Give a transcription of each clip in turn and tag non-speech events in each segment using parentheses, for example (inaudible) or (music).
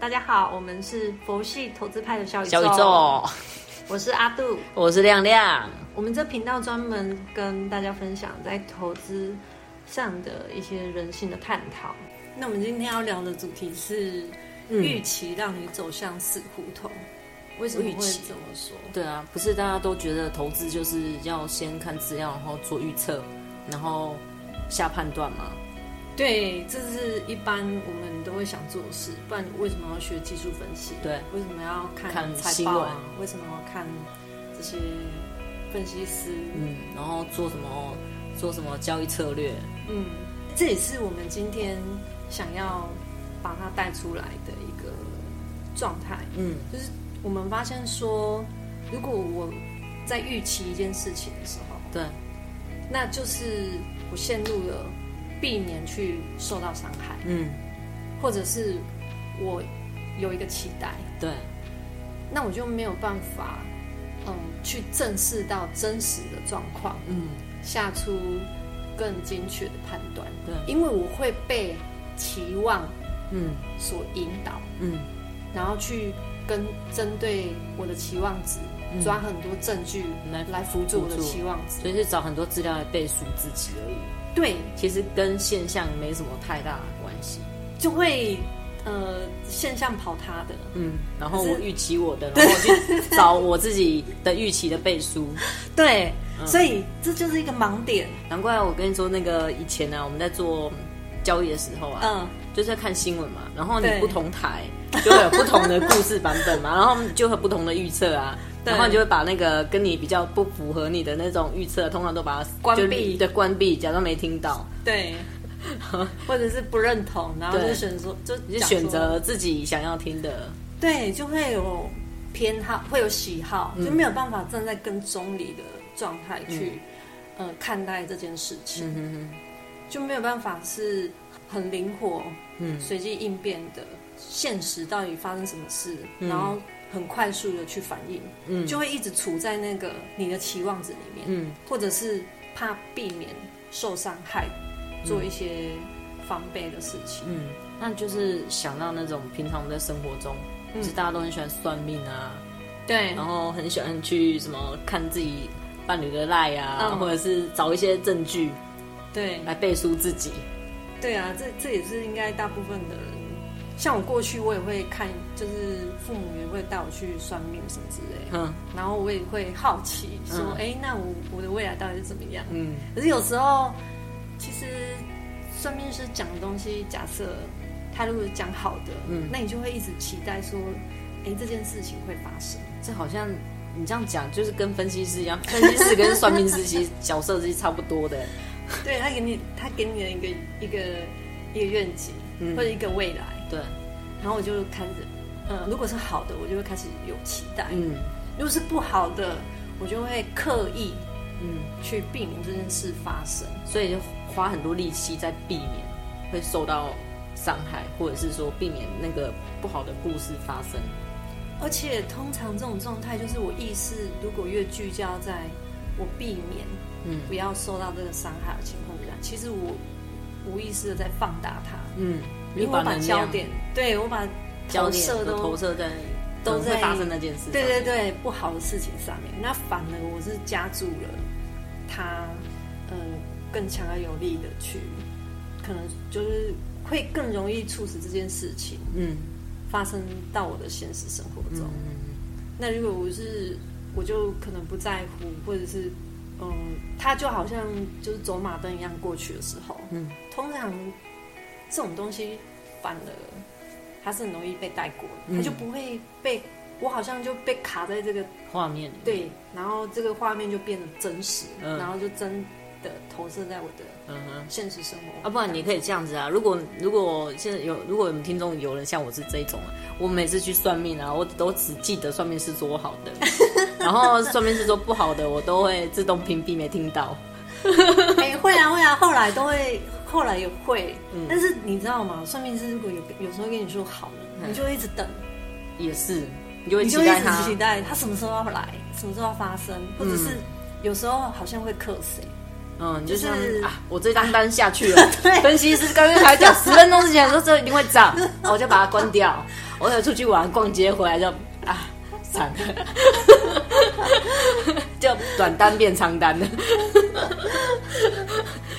大家好，我們是佛系投資派的小宇宙，宇宙我是阿杜，我是亮亮。我們這頻道專門跟大家分享在投資上的一些人性的探討。那我們今天要聊的主題是預期讓你走向死胡同，嗯、為什麼會這麼說？對啊，不是大家都覺得投資就是要先看資料，然後做預測，然後下判斷嘛？對，這是一般我們都會想做的事，不然為什麼要學技術分析？對，為什麼要看財報啊？為什麼要看這些分析師？嗯，然後做什麼？做什麼交易策略？嗯，這也是我們今天想要把它帶出來的一個狀態。嗯，就是我們發現說，如果我在預期一件事情的時候，對，那就是我陷入了。避免去受到傷害，嗯，或者是我有一個期待，對，那我就沒有辦法，嗯，去正視到真實的狀況，嗯，下出更精確的判斷，對，因為我會被期望，嗯，所引導，嗯，嗯然後去跟針對我的期望值，嗯，抓很多證據來來輔助我的期望值，所以是找很多資料來背書自己而已，嗯。對，其實跟現象沒什麼太大關係，就會呃，現象跑他的，嗯，然後我預期我的，是然後我去找我自己的預期的背書，對，嗯、所以這就是一個盲點。難怪我跟你說那個以前呢、啊，我們在做交易的時候啊，嗯，就是在看新聞嘛，然後你不同台。就會有不同的故事版本嘛，然後就會不同的預測啊，對，然後你就會把那個跟你比較不符合你的那種預測，通常都把它關閉，對，關閉，假裝沒聽到，對，或者是不認同，然後就選擇就你選擇自己想要聽的，對，就會有偏好，會有喜好，就沒有辦法站在跟中立的狀態去呃看待這件事情，就沒有辦法是很靈活，嗯，隨機應變的。現實到底發生什麼事，然後很快速的去反應，就會一直處在那個你的期望值裡面，或者是怕避免受傷害，做一些防備的事情。嗯，那就是想到那種平常在生活中，其實大家都很喜歡算命啊，對，然後很喜歡去什麼看自己伴侶的 LINE 啊，或者是找一些證據，對，來背書自己。對啊，這這也是應該大部分的人。像我過去，我也會看，就是父母也會帶我去算命什麼之類。嗯，然後我也會好奇說：“哎、嗯，那我我的未來到底是怎麼樣？”嗯，可是有時候，嗯、其實算命師講的東西，假設他如果講好的，嗯，那你就會一直期待說：“哎，這件事情會發生。”這好像你這樣講，就是跟分析師一樣，分析師跟算命師其實角色是差不多的。 (laughs) 對他給你，他給你了一個一個一個願景，嗯、或者一個未來。對，然後我就看着，嗯，如果是好的，我就會開始有期待，嗯；如果是不好的，我就會刻意，嗯，去避免這件事發生。嗯，所以就花很多力氣在避免會受到傷害，或者是說避免那個不好的故事發生。而且通常這種狀態就是我意識，如果越聚焦在我避免，嗯，不要受到這個傷害的情況下，嗯，其實我無意識的在放大它，嗯。因為我把焦點，對，我把焦點都投射在，都在發生那件事，對對對，不好的事情上面。那反而我是加注了他，嗯、呃，更強而有力的去，可能就是會更容易促使這件事情，嗯，發生到我的現實生活中。嗯嗯嗯嗯那如果我是，我就可能不在乎，或者是，嗯、呃，他就好像就是走馬燈一樣過去的時候，嗯，通常這種東西。犯了，他是很容易被帶過的，他就不會被、嗯、我好像就被卡在這個畫面裡面。對，然後這個畫面就變得真實，嗯、然後就真的投射在我的現實生活。啊，不然你可以這樣子啊，如果如果現在有，如果我們聽眾有人像我是這種、啊，我每次去算命啊，我都只記得算命是說好的， (laughs) 然後算命是說不好的，我都會自動屏蔽沒聽到。哎、 (laughs) 欸，會啊會啊，後來都會。後來也會，嗯、但是你知道嗎？算命師如果有有時候跟你說好了，嗯、你就一直等。也是，你就，會你就一直期待他什麼時候要來，什麼時候要發生，嗯、或者是有時候好像會克死。嗯，就，就是、啊、我這張單，單下去了。 (laughs) 對 分析師剛剛才講十分鐘之前說這一定會漲， (laughs) 我就把它關掉。我有出去玩逛街回來就啊，慘 (laughs) 就短單變長單了。 (laughs)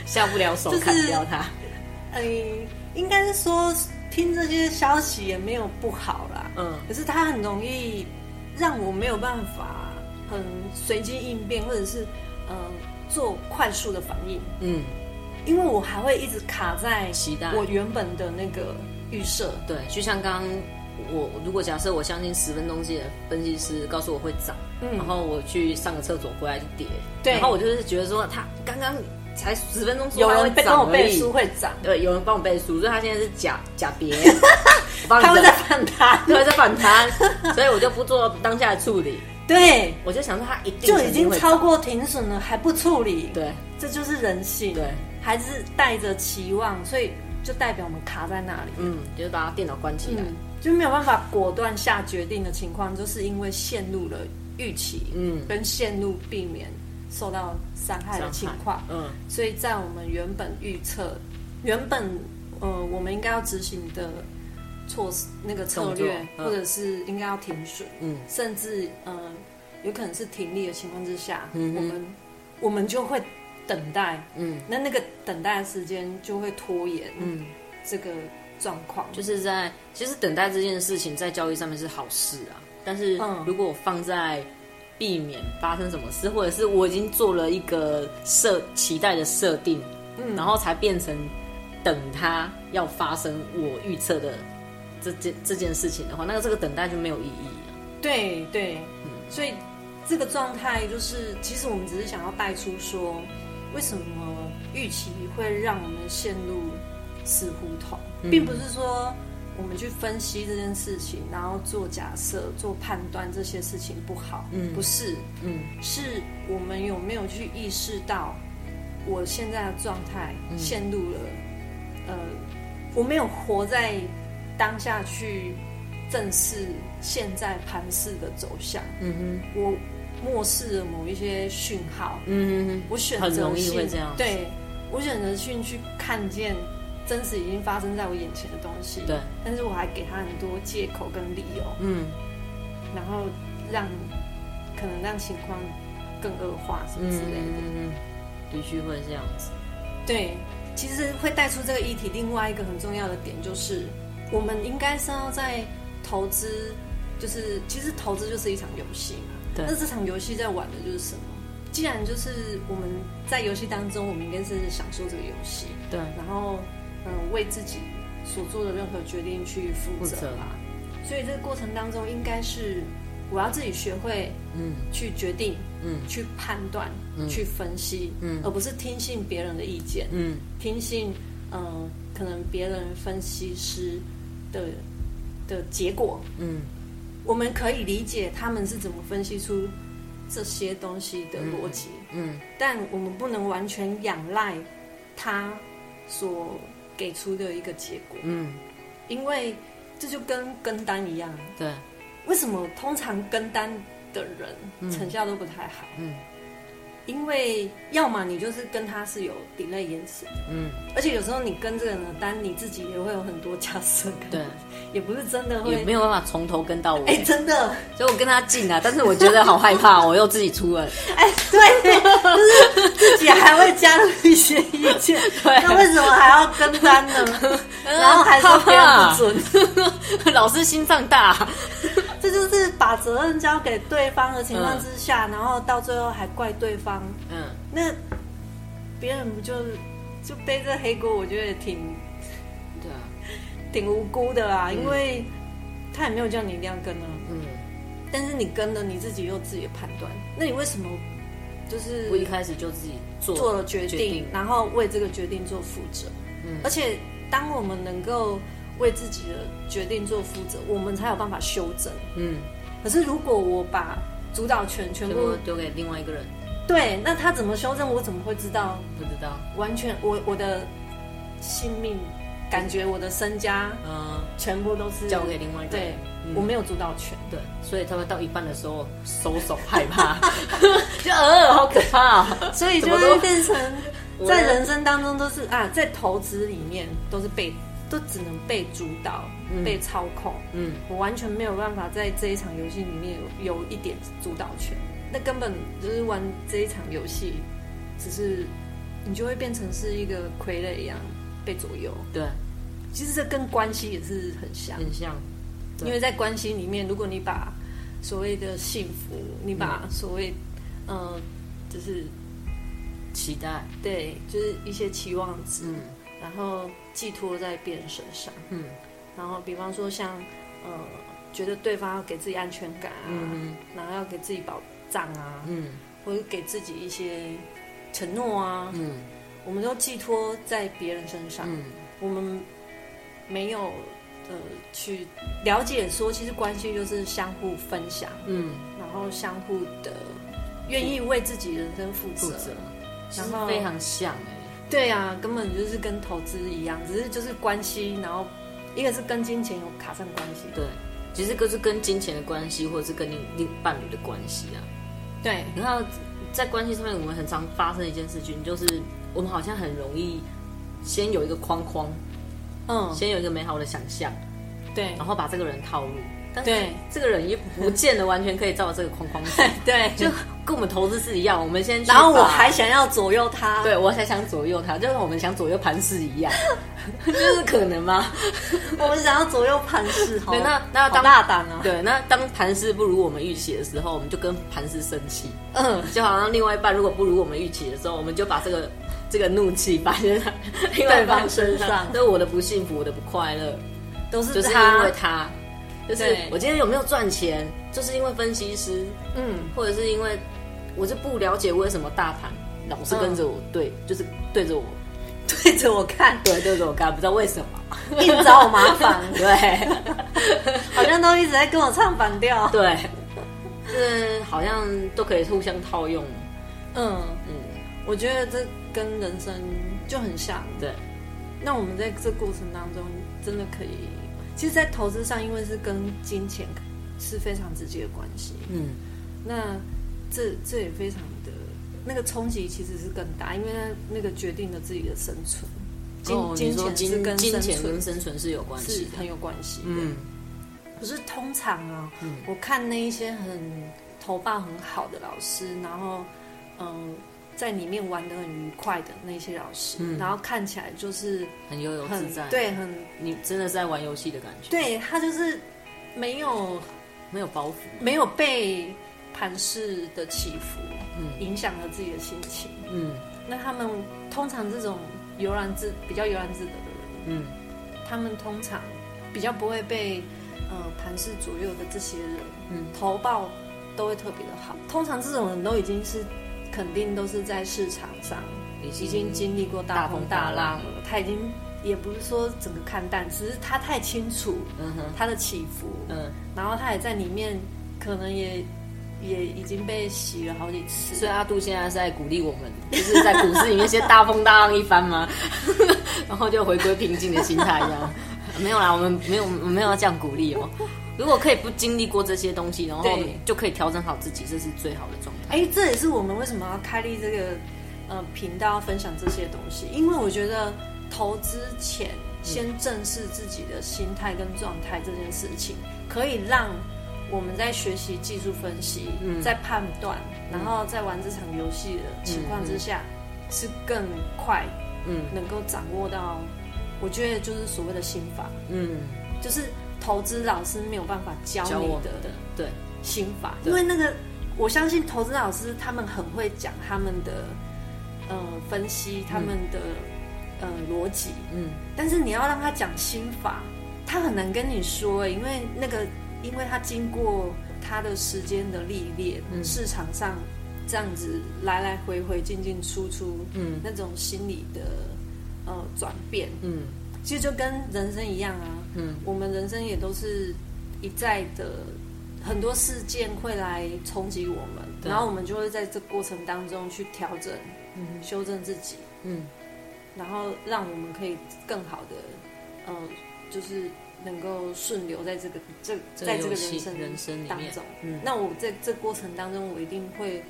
下不了手砍掉它，就是，嗯、呃，應該是說聽這些消息也沒有不好啦，嗯，可是它很容易讓我沒有辦法很隨機應變，或者是嗯做快速的反應，嗯，因為我還會一直卡在我原本的那個預設，對，就像剛剛我如果假設我相信十分鐘前的分析師告訴我會漲，嗯，然後我去上個廁所回來就跌，對，然後我就是覺得說他剛剛。才十分鐘，有人幫我背書會漲，對，有人幫我背書，所以他現在是假假跌，他會在反彈，他會在反彈，所以我就不做當下的處理。對，我就想說他一定就已經超過停損了，還不處理，對，這就是人性，對，還是帶着期望，所以就代表我們卡在那裡。嗯，就是把他電腦關起來，就沒有辦法果斷下決定的情況，就是因為陷入了預期，嗯，跟陷入避免，受到傷害的情況，嗯，所以在我們原本預測、原本呃，我們應該要執行的措施、嗯、那個策略，嗯、或者是應該要停損，嗯，甚至、呃、有可能是停利的情況之下，嗯哼，我們我們就會等待，嗯，那那個等待的時間就會拖延，嗯，這個狀況就、嗯、就是在其實等待這件事情在交易上面是好事啊，但是如果我放在，嗯避免發生什麼事，或者是我已經做了一個設期待的設定，嗯，然後才變成等它要發生我預測的這件這件事情的話，那個這個等待就沒有意義了。對對，對嗯，所以這個狀態就是，其實我們只是想要帶出說，為什麼預期會讓我們陷入死胡同，並不是說。我們去分析這件事情，然後做假設、做判斷，這些事情不好。嗯，不是，嗯，是我們有沒有去意識到我現在的狀態陷入了，嗯、呃，我沒有活在當下去正視現在盤勢的走向。嗯哼，我漠視了某一些訊號。嗯哼哼，我選擇性，容易這樣，對我選擇性去看見。真實已經發生在我眼前的東西，對，但是我還給他很多借口跟理由，嗯，然後讓可能讓情況更惡化什麼之類的，嗯嗯，嗯，必須會這樣子，對，其實會帶出這個議題。另外一個很重要的點就是，我們應該是要在投資，就是其實投資就是一場遊戲嘛，對。那這場遊戲在玩的就是什麼？既然就是我們在遊戲當中，我們應該是享受這個遊戲，對，然後。嗯，為自己所做的任何決定去負責啦。責，所以這個過程當中，應該是我要自己學會，嗯，去決定，嗯，去判斷，嗯，去分析，嗯，而不是聽信別人的意見，嗯，聽信，嗯，呃，可能別人分析師的的結果，嗯，我們可以理解他們是怎麼分析出這些東西的邏輯，嗯，嗯，但我們不能完全仰賴他所。給出的一個結果，嗯，因為這就跟跟單一樣，對，為什麼通常跟單的人成效都不太好，嗯。嗯因為要麼你就是跟他是有 delay 延遲，嗯，而且有時候你跟這個人的單，你自己也會有很多假設，對，也不是真的，也沒有辦法從頭跟到尾，哎，真的，所以我跟他進啊，但是我覺得好害怕，我又自己出了，哎，對，自己還會加入一些意見，那為什麼還要跟單呢？然後還是非常不準，老師心臟大。就是把責任交給對方的情況之下，嗯、然後到最後還怪對方。嗯，那別人不就是就背着黑鍋？我覺得也挺對啊，挺無辜的啊，嗯、因為他也沒有叫你一定要跟啊。嗯，但是你跟了，你自己有自己的判斷。那你為什麼就是，我一開始就自己做做了決定，決定然後為這個決定做負責。嗯、而且當我們能夠。為自己的決定做負責，我們才有辦法修正。嗯，可是如果我把主導權全部丟給另外一個人，對，那他怎麼修正，我怎麼會知道？不知道，完全我我的性命，感覺我的身家，嗯，全部都是交給另外一個人，我沒有主導權，對，所以他們到一半的時候收手，害怕，就呃，好可怕，所以就會變成在人生當中都是啊，在投資裡面都是被。都只能被主導、嗯、被操控，嗯，我完全沒有辦法在這一場遊戲裡面有有一點主導權，那根本就是玩這一場遊戲，只是你就會變成是一個傀儡一樣被左右。對，其實這跟關係也是很像，很像，因為在關係裡面，如果你把所謂的幸福，你把所謂嗯，嗯，就是期待，對，就是一些期望值。嗯然後寄託在別人身上，嗯，然後比方說像，呃，覺得對方要給自己安全感啊，嗯哼，然後要給自己保障啊，嗯，或者給自己一些承諾啊，嗯，我們都寄託在別人身上，嗯，我們沒有呃去了解說，其實關係就是相互分享，嗯，然後相互的願意為自己人生負責、嗯、負責，然後非常像哎、欸。對啊，根本就是跟投資一樣，只是就是關係，然後一個是跟金錢有卡上關係。對，其實就是跟金錢的關係，或者是跟你你伴侶的關係啊。對，然後在關係上面，我們很常發生一件事情，就是我們好像很容易先有一個框框，嗯，先有一個美好的想象，對，然後把這個人套路。但是對，這個人也不見得完全可以照這個框框走， (laughs) 對，就跟我們投資是一樣，我們先去。然後我還想要左右他，對，我還想左右他，就是我們想左右盤勢一樣，這 (laughs) 是可能嗎？ (laughs) 我們想要左右盤勢，好對，那那當好大膽啊！對，那當盤勢不如我們預期的時候，我們就跟盤勢生氣，嗯，就好像另外一半如果不如我們預期的時候，我們就把這個這個怒氣發在另外一半身上，對，我的不幸福，我的不快樂，都是他就是因為他。就是我今天有沒有賺錢，就是因為分析師，嗯，或者是因為我就不了解，為什麼大盤老是跟着我？對，就是對着我對着我看，對，對着我看，不知道為什麼，硬找我麻煩，對，好像都一直在跟我唱反調，對，就是好像都可以互相套用，嗯嗯，我覺得這跟人生就很像，對，那我們在這過程當中真的可以。其實，在投資上，因為是跟金錢是非常直接的關係。嗯，那這這也非常的那個衝擊其實是更大，因為它那個決定了自己的生存。金、哦、你說金是跟是金錢跟生存是有關係，是很有關係的。嗯，可是通常啊、哦、嗯、我看那一些很投報很好的老師，然後嗯。在裡面玩得很愉快的那些老師，嗯、然後看起來就是很，很悠遊自在，對，很你真的在玩遊戲的感覺。對，他就是沒有沒有包袱，沒有被盤勢的起伏，嗯、影響了自己的心情，嗯。那他們通常這種悠然自，比較悠然自得的人，嗯，他們通常比較不會被呃盤勢左右的這些人，嗯，投報都會特別的好。通常這種人都已經是。肯定都是在市場上，已經經歷過大風大浪了。他已經也不是說怎麼看淡，只是他太清楚，嗯哼，他的起伏，嗯，嗯然後他也在裡面，可能也也已經被洗了好幾次。所以阿杜現在是在鼓勵我們，就是在股市裡面先大風大浪一番嘛， (laughs) (laughs) 然後就回歸平靜的心態一樣。沒有啦，我們沒有，我們沒有要這樣鼓勵哦。如果可以不經歷過這些東西，然後就可以調整好自己，這是最好的狀態。哎，這也是我們為什麼要開立這個呃頻道，分享這些東西。因為我覺得投資前先正視自己的心態跟狀態這件事情，嗯、可以讓我們在學習技術分析、嗯、在判斷，嗯、然後在玩這場遊戲的情況之下，嗯嗯、是更快能夠掌握到。嗯、我覺得就是所謂的心法，嗯，就是投資老師沒有辦法教你的對心法，對對因為那個。我相信投資老師他們很會講他們的呃分析，他們的呃邏輯，嗯，呃、嗯但是你要讓他講心法，他很難跟你說、欸，因為那個，因為他經過他的時間的歷練，嗯、市場上這樣子來來回回進進出出，嗯，那種心理的呃轉變，嗯，其實就跟人生一樣啊，嗯，我們人生也都是一再的。很多事件會來衝擊我們，對然後我們就會在這過程當中去調整、嗯、哼修正自己，嗯，然後讓我們可以更好的，嗯、呃，就是能夠順流在這個這在這個人生人生當中。嗯，那我在這過程當中，我一定會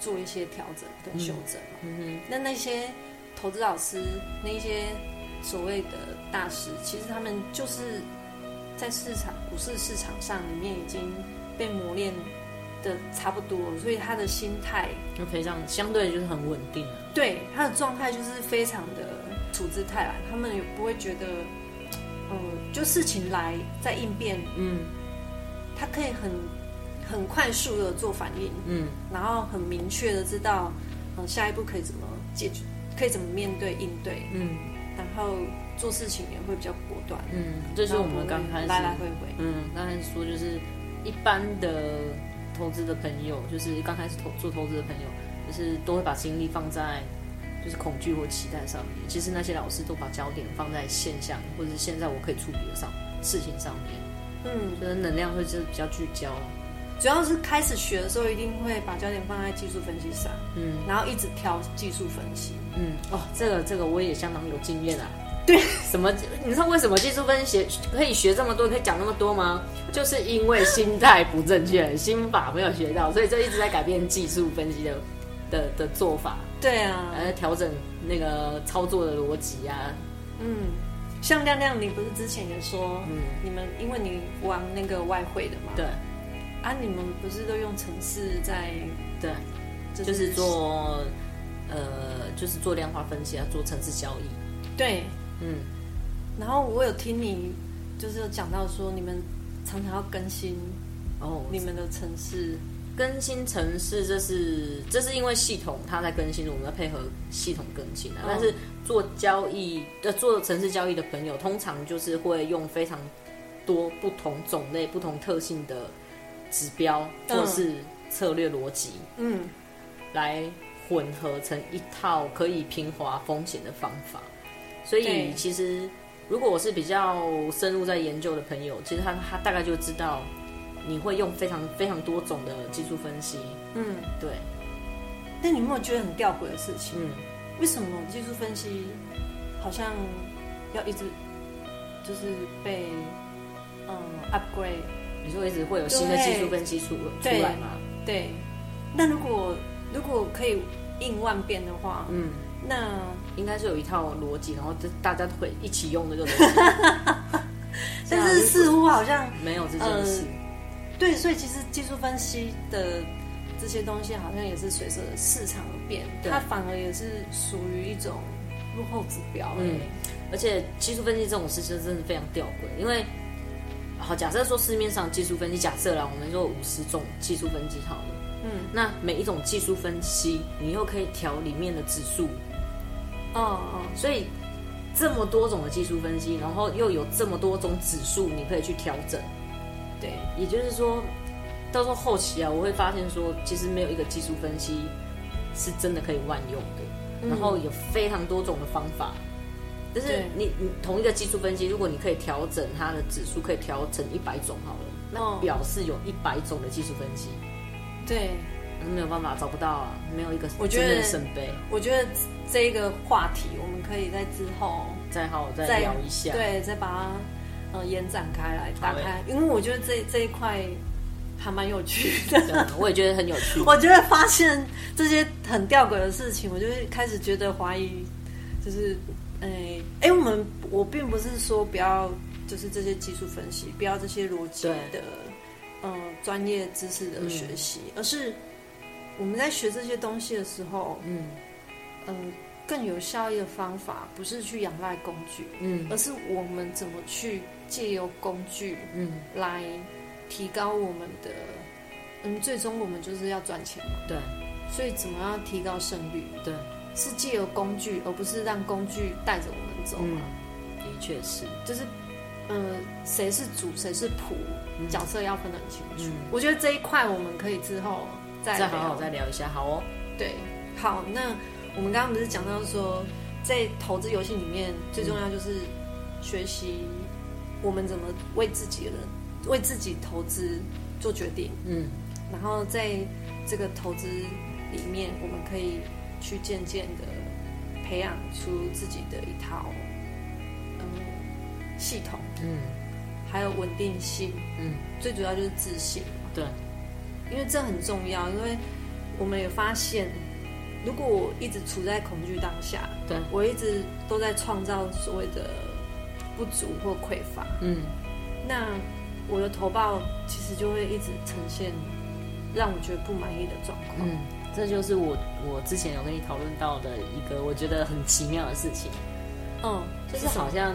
做一些調整跟修正。嗯，嗯哼，那那些投資老師，那些所謂的大師，其實他們就是。在市場股市市場上，裡面已經被磨練的差不多，所以他的心態就可以、okay, 這樣，相對就是很穩定。對，他的狀態就是非常的處之泰然，他們也不會覺得，嗯，就事情來在應變，嗯，他可以很很快速的做反應，嗯，然後很明確的知道，嗯，下一步可以怎麼解決，可以怎麼面對應對，嗯，然後做事情也會比較。短嗯，這、就是我們剛開始來來回回。嗯，剛開始說，就是一般的投資的朋友，就是剛開始投做投資的朋友，就是都會把精力放在就是恐懼或期待上面。其實那些老師都把焦點放在現象，或者是現在我可以處理的上事情上面。嗯，就是能量會就是比較聚焦。主要是開始學的時候，一定會把焦點放在技術分析上。嗯，然後一直挑技術分析。嗯，哦，這個這個我也相當有經驗啊。對，什麼？你知道為什麼技術分析可以學這麼多，可以講那麼多嗎？就是因為心態不正確， (laughs) 心法沒有學到，所以就一直在改變技術分析的的的做法。對啊，還要調整那個操作的邏輯啊。嗯，像亮亮，你不是之前也說，嗯、你們因為你玩那個外匯的嘛？對。啊，你們不是都用程式在？對，就是、就是做呃，就是做量化分析啊，做程式交易。對。嗯，然後我有聽你，就是有講到說你們常常要更新，哦，你們的程式，哦、更新程式，這是這是因為系統它在更新，我們要配合系統更新啊，哦、但是做交易呃，做程式交易的朋友，通常就是會用非常多不同種類、不同特性的指標或、就是策略邏輯，嗯，來混合成一套可以平滑風險的方法。所以其實，如果我是比較深入在研究的朋友，其實他他大概就知道，你會用非常非常多種的技術分析。嗯，對。但你有沒有覺得很吊詭的事情？嗯。為什麼技術分析好像要一直就是被嗯 upgrade？你說一直會有新的技術分析出對出來嗎？對。那如果如果可以應萬變的話，嗯。那應該是有一套邏輯，然後就大家會一起用的就這，就。 (laughs) 但是似乎好像沒有這件事、呃。對，所以其實技術分析的這些東西好像也是隨着市場變，對它反而也是屬於一種落後指標而已。嗯。而且技術分析這種事情真的是非常吊詭，因為，好、啊，假設說市面上技術分析，假設啦，我們說五十種技術分析好了，嗯，那每一種技術分析，你又可以調裡面的指數。哦哦，哦，所以這麼多種的技術分析，然後又有這麼多種指數，你可以去調整。對，也就是說，到時候後期啊，我會發現說，其實沒有一個技術分析是真的可以萬用的，嗯、然後有非常多種的方法。對但是你你同一個技術分析，如果你可以調整它的指數，可以調整一百種好了，哦、那表示有一百種的技術分析。對。沒有辦法找不到啊，沒有一個真正的聖杯。我覺得，我覺得這一個話題，我們可以在之後再好，我再聊一下，對，再把它、嗯、呃延展開來，打開。欸、因為我覺得這這一塊還蠻有趣的，對，我也覺得很有趣。 (laughs) 我覺得發現這些很吊詭的事情，我就會開始覺得懷疑，就是，哎哎，我們我並不是說不要就是這些技術分析，不要這些邏輯的對呃專業知識的學習，嗯、而是。我們在學這些東西的時候，嗯，嗯、呃，更有效益的方法不是去仰賴工具，嗯，而是我們怎麼去借由工具，嗯，來提高我們的，嗯，嗯，最終我們就是要賺錢嘛，對，所以怎麼樣提高勝率？對，是借由工具，而不是讓工具帶着我們走嘛、嗯。的確是，就是，呃，誰是主，誰是僕，嗯、角色要分得很清楚。嗯、我覺得這一塊我們可以之後。再好好再聊一下，好哦。對，好，那我們剛剛不是講到說，在投資遊戲裡面，嗯，最重要就是學習我們怎麼為自己的人，為自己投資做決定。嗯，然後在這個投資裡面，我們可以去漸漸的培養出自己的一套嗯系統。嗯，還有穩定性。嗯，最主要就是自信。對。因為這很重要，因為我們也發現，如果我一直處在恐懼當下，對，我一直都在創造所謂的不足或匱乏，嗯，那我的投報其實就會一直呈現讓我覺得不滿意的狀況。嗯，這就是我我之前有跟你討論到的一個我覺得很奇妙的事情，嗯、哦，就是、是好像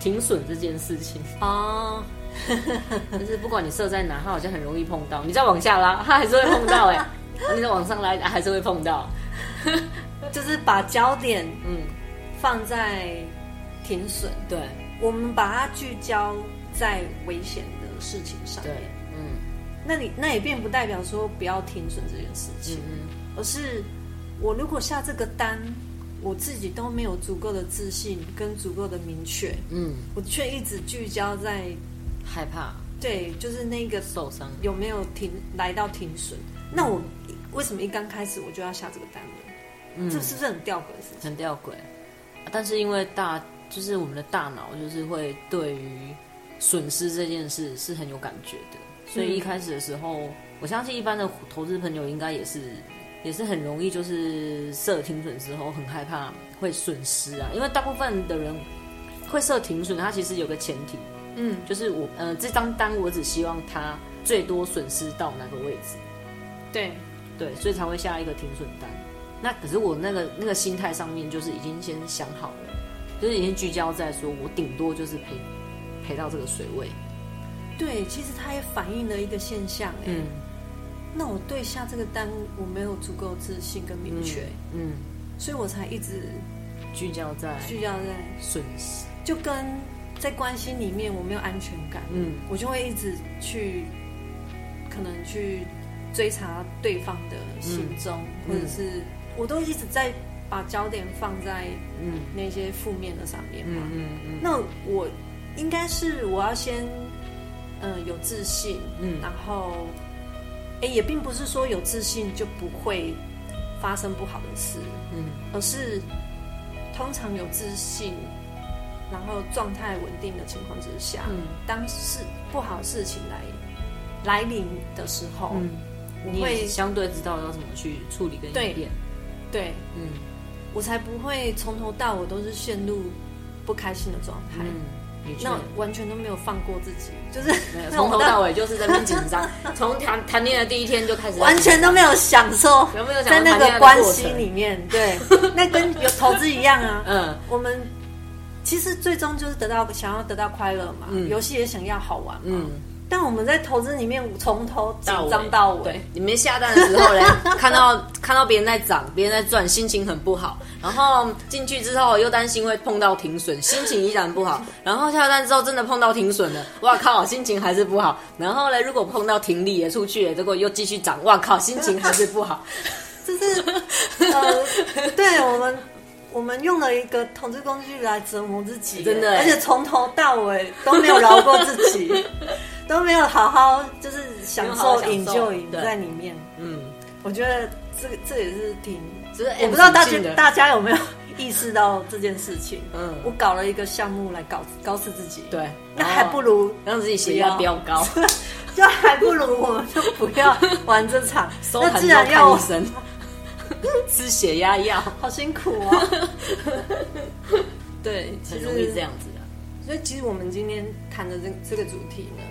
停損這件事情啊。哦 (laughs) 就是不管你設在哪，它好像很容易碰到。你再往下拉，它還是會碰到哎、欸；你再 (laughs) 往上拉，還是會碰到。 (laughs) 就是把焦點嗯放在停損，對，我們把它聚焦在危險的事情上面。對嗯，那你那也並不代表說不要停損這件事情，嗯嗯而是我如果下這個單，我自己都沒有足夠的自信跟足夠的明確，嗯，我卻一直聚焦在。害怕，對，就是那個受傷有沒有停來到停損？嗯、那我為什麼一剛開始我就要下這個單呢？嗯、這是不是很吊詭的事情？很吊詭、啊，但是因為大就是我們的大腦就是會對於損失這件事是很有感覺的，所以一開始的時候，嗯、我相信一般的投資朋友應該也是也是很容易就是設停損之後很害怕會損失啊，因為大部分的人會設停損，它其實有個前提。嗯，就是我，嗯、呃，這張單我只希望它最多損失到哪個位置？對，對，所以才會下一個停損單。那可是我那個那個心態上面，就是已經先想好了，就是已經聚焦在說我頂多就是賠賠到這個水位。對，其實它也反映了一個現象，欸，嗯，那我對下這個單我沒有足夠自信跟明確，嗯，嗯，所以我才一直聚焦在聚焦在，聚焦在損失，就跟。在關係裡面，我沒有安全感，嗯、我就會一直去，可能去追查對方的行蹤，嗯嗯、或者是，我都一直在把焦點放在那些負面的上面嘛。嗯嗯嗯嗯、那我應該是我要先，呃、有自信，嗯、然後，哎、欸，也並不是說有自信就不會發生不好的事，嗯，而是通常有自信。然後狀態穩定的情況之下，當是不好事情來來臨的時候，我會相對知道要怎麼去處理跟對，對，嗯，我才不會從頭到尾都是陷入不開心的狀態，那我完全都沒有放過自己，就是從頭到尾就是在很緊張，從談談戀愛的第一天就開始，完全都沒有享受，在那個關係裡面，對，那跟有投資一樣啊，嗯，我們。其實最終就是得到想要得到快樂嘛，遊戲、嗯、也想要好玩嘛。嗯、但我們在投資裡面從頭緊張到尾，到尾對。你們下單的時候呢， (laughs) 看到看到別人在漲，別人在賺，心情很不好。然後進去之後又擔心會碰到停損，心情依然不好。 (laughs) 然後下單之後真的碰到停損了，哇靠，心情還是不好。然後呢，如果碰到停利也出去了，結果又繼續漲，哇靠，心情還是不好。就 (laughs) 是呃，對我們。我們用了一個統治工具來折磨自己，真的、欸，而且從頭到尾都沒有饒過自己， (laughs) 都沒有好好就是享受贏就贏在裡面。嗯，我覺得這個這也是挺，就是我不知道大家大家有沒有意識到這件事情。嗯，我搞了一個項目來搞搞死自己，對，那還不如讓自己身價飆高， (laughs) 就還不如我們就不要玩這場，那既然要。 (laughs) 吃血壓藥，好辛苦啊！ (laughs) 對，很容易這樣子的。所以其實我們今天談的這這個主題呢，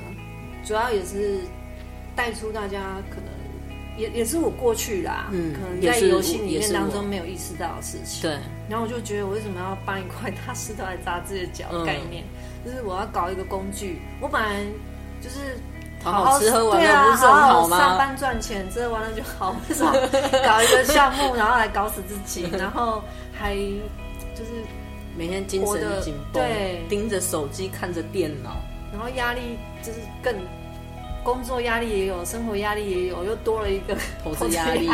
主要也是帶出大家可能也也是我過去啦，嗯，可能在遊戲裡面當中沒有意識到的事情。對。然後我就覺得，我為什麼要搬一塊大石頭來砸自己的腳的概念、嗯、就是我要搞一個工具。我本來就是。好好吃喝玩樂，好好上班賺錢，吃喝玩樂就好。搞一個項目，然後來搞死自己，然後還就是每天精神緊繃，對，盯着手機，看着電腦，然後壓力就是更工作壓力也有，生活壓力也有，又多了一個投資壓力，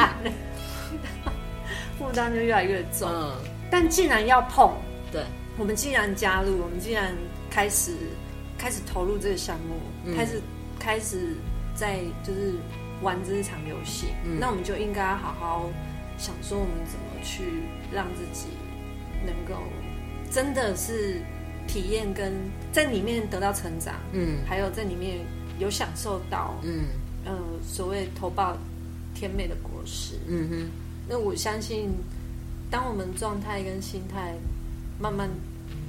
負擔就越來越重。嗯，但既然要碰，對，我們既然加入，我們既然開始開始投入這個項目，開始。開始在就是玩這場遊戲，嗯、那我們就應該好好想說，我們怎麼去讓自己能夠真的是體驗跟在裡面得到成長，嗯，還有在裡面有享受到，嗯，呃，所謂投報甜美的果實，嗯，嗯哼。那我相信，當我們狀態跟心態慢慢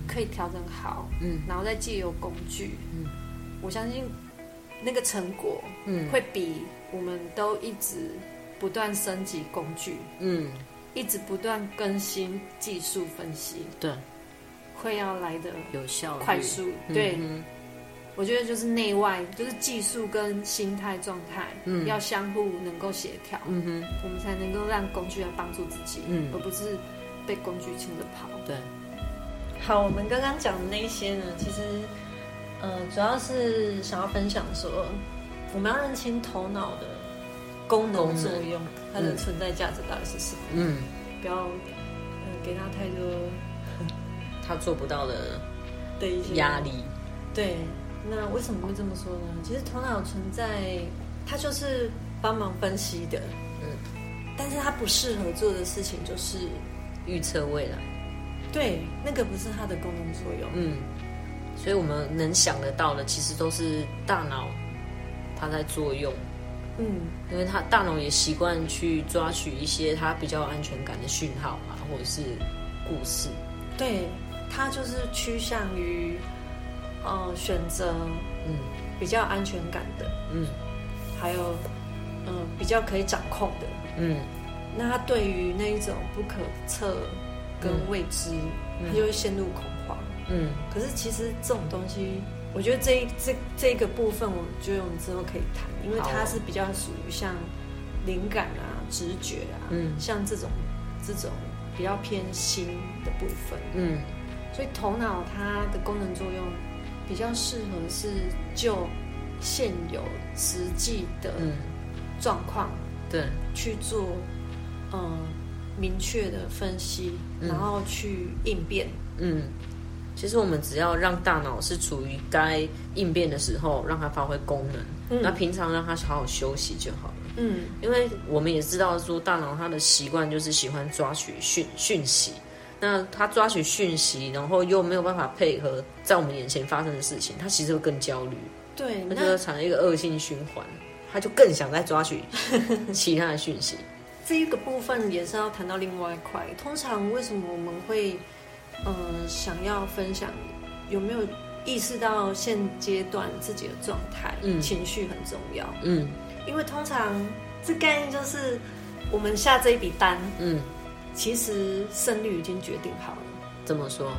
可以調整好，嗯，然後再借由工具，嗯，我相信。那個成果，嗯，會比我們都一直不斷升級工具，嗯，一直不斷更新技術分析，對，會要來得有效、快速。對，嗯、哼我覺得就是內外，就是技術跟心態狀態，嗯，要相互能夠協調，嗯、哼我們才能夠讓工具來幫助自己，嗯、而不是被工具牽着跑。對，好，我們剛剛講的那些呢，其實。嗯、主要是想要分享說，我們要認清頭腦的功能作用，能它的存在價值到底是什麼？嗯，不要、嗯、給他太多 (laughs) 他做不到的的一些壓力。對，那為什麼會這麼說呢？其實頭腦存在，它就是幫忙分析的，嗯、但是它不適合做的事情就是預測未來。對，那個不是它的功能作用。嗯。所以我們能想得到的，其實都是大腦它在作用，嗯，因為它大腦也習慣去抓取一些它比較安全感的訊號啊，或者是故事，對，它就是趨向於，哦、呃，選擇嗯比較安全感的，嗯，還有嗯、呃、比較可以掌控的，嗯，那它對於那一種不可測跟未知，嗯嗯、它就會陷入恐嗯，可是其實這種東西，我覺得這一這這個部分，我覺得我們之後可以談，因為它是比較屬於像靈感啊、直覺啊，嗯，像這種這種比較偏心的部分，嗯，所以頭腦它的功能作用，比較適合是就現有實際的狀況，嗯，對，去做嗯明確的分析，然後去應變，嗯。嗯其實我們只要讓大腦是處於該應變的時候，讓它發揮功能。嗯、那平常讓它好好休息就好了。嗯，因為我們也知道說，大腦它的習慣就是喜歡抓取訊訊息。那它抓取訊息，然後又沒有辦法配合在我們眼前發生的事情，它其實會更焦慮。對，那就會產生一個惡性循環，它就更想再抓取 (laughs) 其他的訊息。這一個部分也是要談到另外一塊。通常為什麼我們會？呃，想要分享，有沒有意識到現階段自己的狀態？嗯，情緒很重要。嗯，因為通常這概念就是我們下這一筆單。嗯，其實勝率已經決定好了。怎麼說？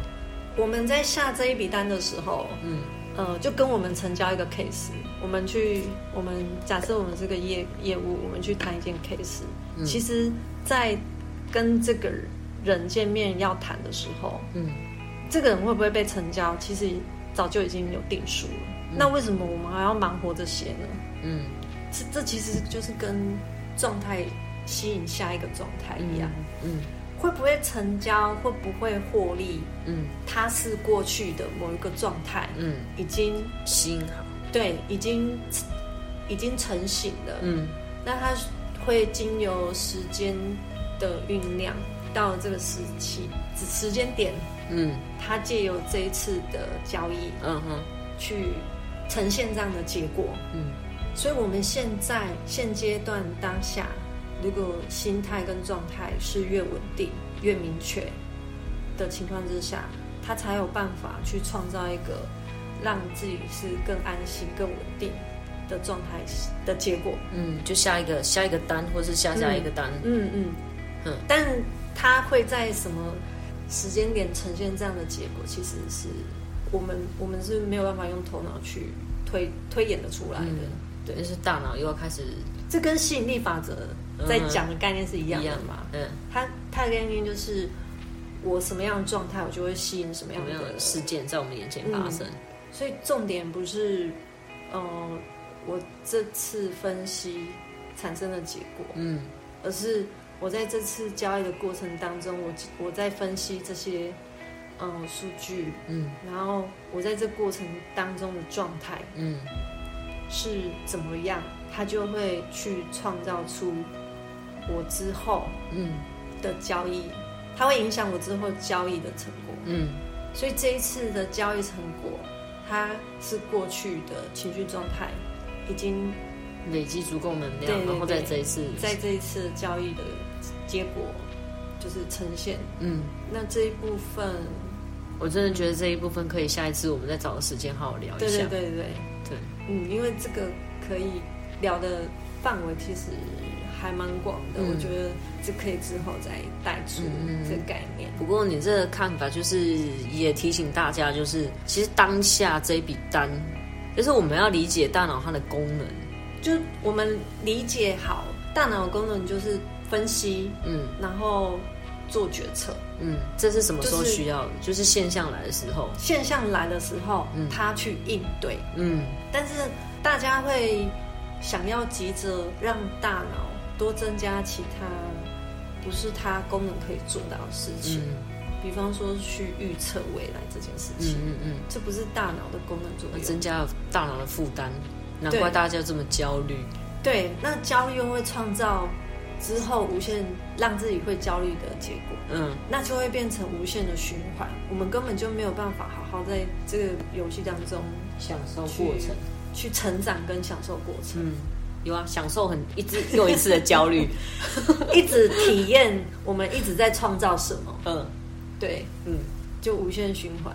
我們在下這一筆單的時候，嗯，呃，就跟我們成交一個 case，我們去，我們假設我們這個業業務，我們去談一件 case，嗯，其實，在跟這個人。人見面要談的時候，嗯，這個人會不會被成交？其實早就已經有定數了。嗯、那為什麼我們還要忙活這些呢？嗯，這這其實就是跟狀態吸引下一個狀態一樣。嗯，嗯會不會成交？會不會獲利？嗯，他是過去的某一個狀態。嗯，已經吸引好。對，已經已經成型了。嗯，那他會經由時間的醞釀。到這個時期、時間點，嗯，它借由這一次的交易，嗯哼、uh-huh、去呈現這樣的結果，嗯，所以我們現在現階段當下，如果心態跟狀態是越穩定、越明確的情況之下，它才有辦法去創造一個讓自己是更安心、更穩定的狀態的結果。嗯，就下一個、下一個單，或是下下一個單。嗯，嗯，嗯呵但。它會在什麼時間點呈現這樣的結果？其實是我們我們是沒有辦法用頭腦去推推演得出來的。嗯、對，但是大腦又要開始。這跟吸引力法則在講的概念是一樣的嘛嗯一樣？嗯，它他的概念就是我什麼樣的狀態，我就會吸引什麼樣的事件在我們眼前發生。嗯、所以重點不是、呃，我這次分析產生的結果，嗯，而是。我在這次交易的過程當中，我我在分析這些嗯、呃、數據，嗯，然後我在這過程當中的狀態，嗯，是怎麼樣，他就會去創造出我之後嗯的交易，嗯、它會影響我之後交易的成果，嗯，所以這一次的交易成果，它是過去的情緒狀態已經。累積足夠能量，對對對然後在這一次，在這一次交易的結果就是呈現。嗯，那這一部分，我真的覺得這一部分可以下一次我們再找個時間好好聊一下。對對對對對，對嗯，因為這個可以聊的範圍其實還蠻廣的，嗯、我覺得這可以之後再帶出這個概念嗯嗯。不過你這個看法就是也提醒大家，就是其實當下這一筆單，就是我們要理解大腦它的功能。就我們理解好，大腦的功能就是分析，嗯，然後做決策，嗯，這是什麼時候需要的？就是、就是現象來的時候，現象來的時候，它、嗯、去應對，嗯。但是大家會想要急着讓大腦多增加其他，不是它功能可以做到的事情，嗯、比方說去預測未來這件事情，嗯嗯、嗯這不是大腦的功能作用，增加大腦的負擔。難怪大家這麼焦慮。對，那焦慮又會創造之後無限讓自己會焦慮的結果。嗯，那就會變成無限的循環，我們根本就沒有辦法好好在這個遊戲當中享受過程，去成長跟享受過程。嗯，有啊，享受很一次又一次的焦慮， (laughs) 一直體驗我們一直在創造什麼。嗯，對，嗯。就無限循環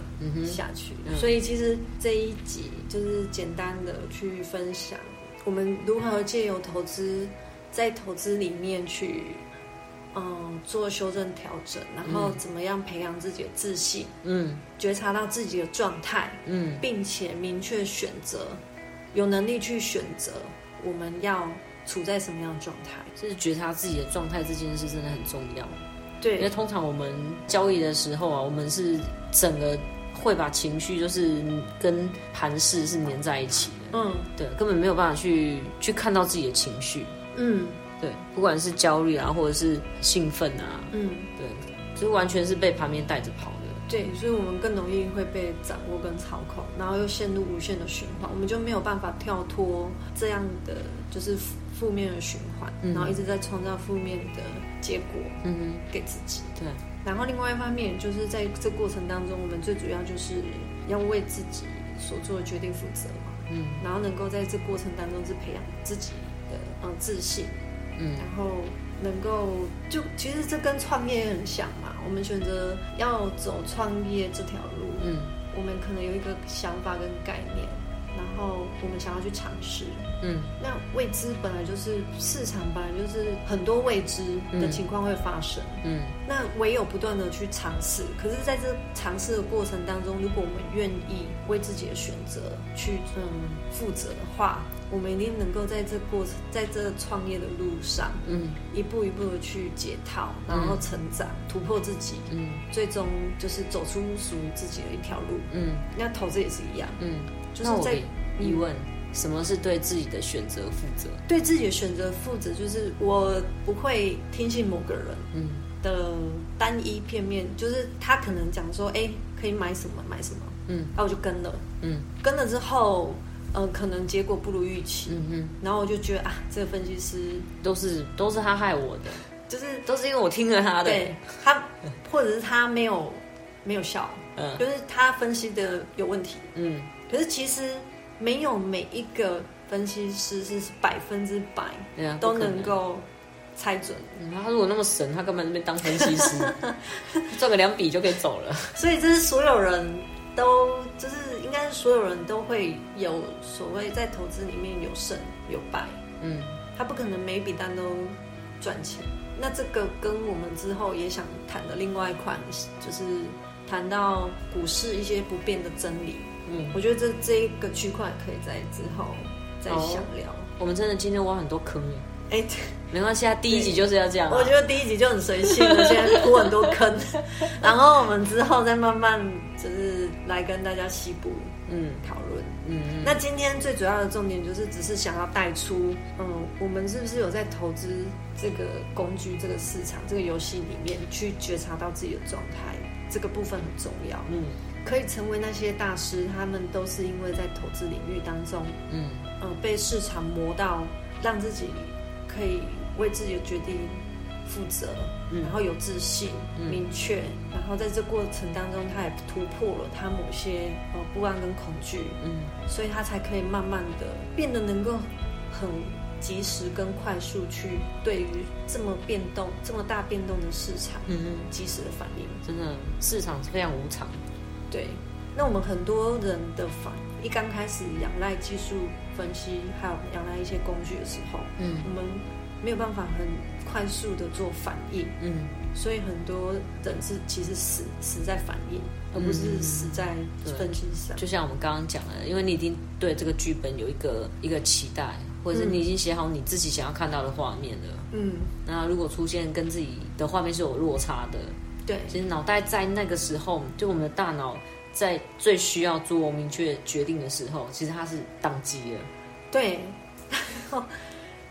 下去，嗯嗯、所以其實這一集就是簡單的去分享，我們如何借由投資，在投資裡面去嗯，嗯做修正調整，然後怎麼樣培養自己的自信，嗯，覺察到自己的狀態，嗯，嗯，並且明確選擇，有能力去選擇我們要處在什麼樣的狀態，就是覺察自己的狀態這件事真的很重要。對，因為通常我們交易的時候啊，我們是整個會把情緒就是跟盤勢是黏在一起的，嗯，對，根本沒有辦法去去看到自己的情緒，嗯，對，不管是焦慮啊，或者是興奮啊，嗯，對，就是完全是被盤面帶着跑。對，所以，我們更容易會被掌握跟操控，然後又陷入無限的循環，我們就沒有辦法跳脫這樣的就是負面的循環，嗯、然後一直在創造負面的結果給自己。嗯、對。然後另外一方面就是在這過程當中，我們最主要就是要為自己所做的決定負責嘛。嗯。然後能夠在這過程當中，是培養自己的、呃、自信。嗯。然後。能夠就其實這跟創業也很像嘛，我們選擇要走創業這條路，嗯，我們可能有一個想法跟概念，然後我們想要去嘗試，嗯，那未知本來就是市場本來就是很多未知的情況會發生，嗯，嗯那唯有不斷的去嘗試，可是在這嘗試的過程當中，如果我們願意為自己的選擇去嗯負責的話。嗯我們一定能夠在這過，在這創業的路上，嗯，一步一步的去解套，嗯，然後成長，突破自己，嗯，最終就是走出屬於自己的一條路，嗯。那投資也是一樣，嗯。就是在我疑問，什麼是對自己的選擇負責？對自己的選擇負責，就是我不會聽信某個人，嗯，的單一片面，就是他可能講說，哎，可以買什麼買什麼，嗯，那我就跟了，嗯，跟了之後。嗯、呃，可能結果不如預期。嗯哼然後我就覺得啊，這個分析師都是都是他害我的，就是都是因為我聽了他的、欸對，他或者是他沒有 (laughs) 沒有效，嗯，就是他分析的有問題，嗯。可是其實沒有每一個分析師是百分之百，嗯、都能夠猜準、嗯。他如果那麼神，他幹嘛那邊當分析師？賺 (laughs) (laughs) 個兩筆就可以走了。所以這是所有人。都就是應該是所有人都會有所謂，在投資裡面有勝有敗，嗯，他不可能每筆單都賺錢。那這個跟我們之後也想談的另外一塊，就是談到股市一些不變的真理。嗯，我覺得這這一個區塊可以在之後再想聊。哦，我們真的今天挖很多坑哎，欸，沒關係啊，第一集就是要這樣啊。我覺得第一集就很隨性， (laughs) 現在挖很多坑， (laughs) 然後我們之後再慢慢。就是來跟大家西部，嗯，討論，嗯，那今天最主要的重點就是，只是想要帶出，嗯，我們是不是有在投資這個工具、這個市場、這個遊戲裡面去覺察到自己的狀態，這個部分很重要，嗯，可以成為那些大師，他們都是因為在投資領域當中，嗯，嗯、呃，被市場磨到，讓自己可以為自己的決定負責。嗯、然後有自信，嗯、明確，然後在這過程當中，他也突破了他某些呃不安跟恐懼，嗯，所以他才可以慢慢的變得能夠很及時跟快速去對於這麼變動這麼大變動的市場，嗯哼，及時的反應，真的市場是非常無常，對，那我們很多人的反一剛開始仰賴技術分析，還有仰賴一些工具的時候，嗯，我們。沒有辦法很快速的做反應，嗯，所以很多人是其實死死在反應，而不是死在分析上，嗯。就像我們剛剛講的，因為你已經對這個劇本有一個一個期待，或者是你已經寫好你自己想要看到的畫面了，嗯，那如果出現跟自己的畫面是有落差的，對，其實腦袋在那個時候，就我們的大腦在最需要做明確決定的時候，其實它是當機了，對。 (laughs)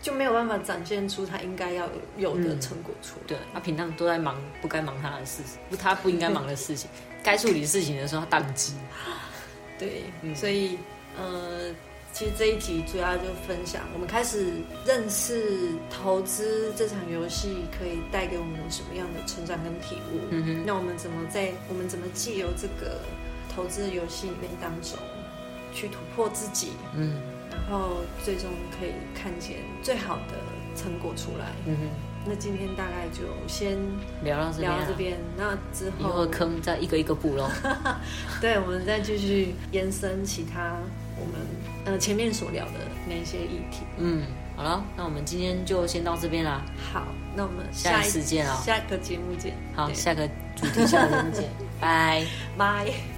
就沒有辦法展現出他應該要有的成果出來。嗯、對他平常都在忙不該忙他的事，不，他不應該忙的事情，該 (laughs) 處理事情的時候他當機。對，嗯、所以呃，其實這一集主要就分享我們開始認識投資這場遊戲，可以帶給我們什麼樣的成長跟體悟。嗯哼，那我們怎麼在我們怎麼借由這個投資遊戲裡面當中去突破自己？嗯。然後最終可以看見最好的成果出來。嗯哼。那今天大概就先聊到這邊。聊到這邊，那之後有個坑，再一個一個補嘍。 (laughs) 對，我們再繼續延伸其他我們呃前面所聊的那些議題。嗯，好了，那我們今天就先到這邊啦。好，那我們下次見嘍。下個節目見。好，對下個主題下個節目見。拜 (laughs) Bye。拜。